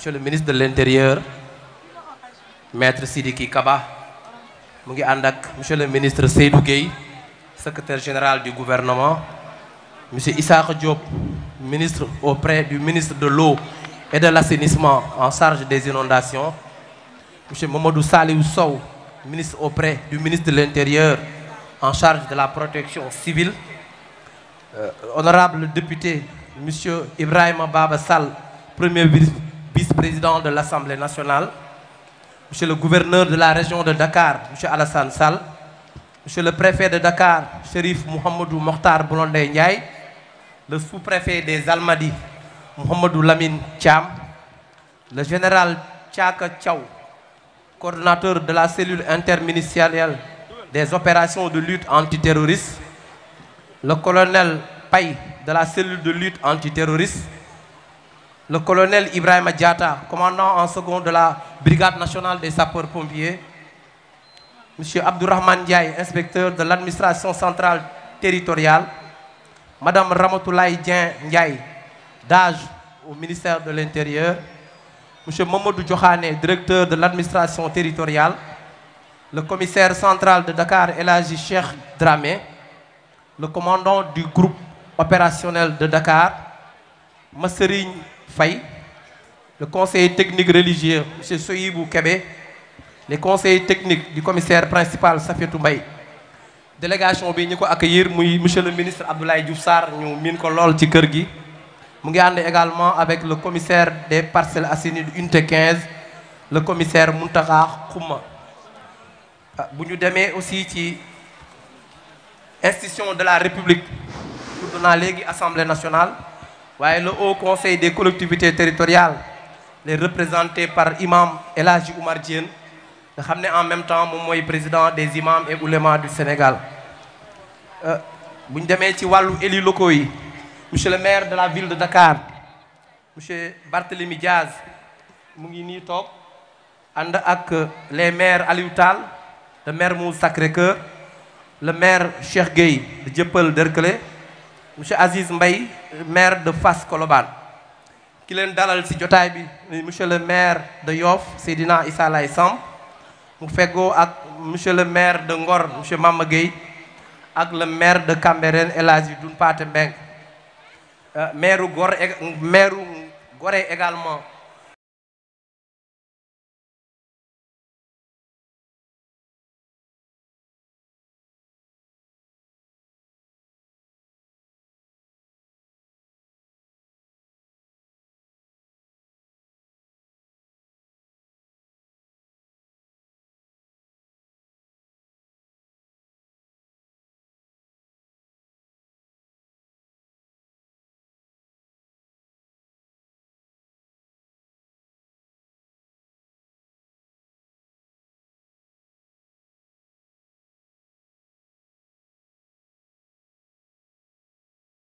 monsieur le ministre de l'intérieur maître Sidiki Kaba mu ngi ànd ak monsieur le ministre Seydou Guèye secrétaire général du gouvernement monsieur Issakha Diop ministre auprès du ministre de l'eau et de l'assainissement en charge des inondations monsieur Mamadou Saliou Sow ministre auprès du ministre de l'intérieur en charge de la protection civile euh, honorable député monsieur Ibrahima Baba Sall premier vice vice-président de l'Assemblée nationale, Monsieur le gouverneur de la région de Dakar, Monsieur Alassane Sall, Monsieur le préfet de Dakar, Chérif Mouhamadou Mokhtar Blondin Ndiaye, le sous-préfet des Almadies, Mouhamadou lamin Thiam, le général Tchaka Tchao, coordonnateur de la cellule interministérielle des opérations de lutte antiterroriste, le colonel Paye de la cellule de lutte antiterroriste, le colonel Ibrahima Diata, commandant en second de la Brigade nationale des sapeurs-pompiers, Monsieur Abdourahman Ndiaye, inspecteur de l'administration centrale territoriale, Madame Ramatoulaye Dien Ndiaye, d'âge au ministère de l'Intérieur, Monsieur Mamadou Diokhane, directeur de l'administration territoriale, le commissaire central de Dakar El Cheikh Dramé, le commandant du groupe opérationnel de Dakar, Masserigne Faye, le conseiller technique religieux, M. Soïbou Kébé, les conseil technique du commissaire principal Safiatou Mbaye délégation bi ñu ko accueillir muy monsieur le ministre Abdoulaye Diouf Sarr ñu miin ko lool ci kër gi mu ngi ànd également avec le commissaire des parcelle Assainies de unité 15 le commissaire Mountakha Khouma ah, bu ñu demee aussi ci institution de la République tudd léegi Assemblée nationale waaye le haut conseil des collectivités territoriales les représentés par imam El Hadji Oumar Diène nga xam ne en même temps moom mooy président des imams et oulémas du Sénégal euh, bu ñu demee ci wàllu élus locaux yi monsieur le maire de la ville de Dakar monsieur Barthélémy Diaz mu ngi nii toog ànd ak les maires Aliou Tall le maire Mou Sacré-Cœur le maires Cheikh Gueye de Dieuppeul Derklé monsieur Aziz Mbaye maire de Fass Colobane ki leen dalal ci jotaay bi monsieur le maire de Yoff Seydina Issa Laye Samb mu fegoo ak monsieur le maire de Ngor monsieur Mama Gueye ak le maire de Cambérène El Hadji Doune Pathé Mbengue maire Ngor maire également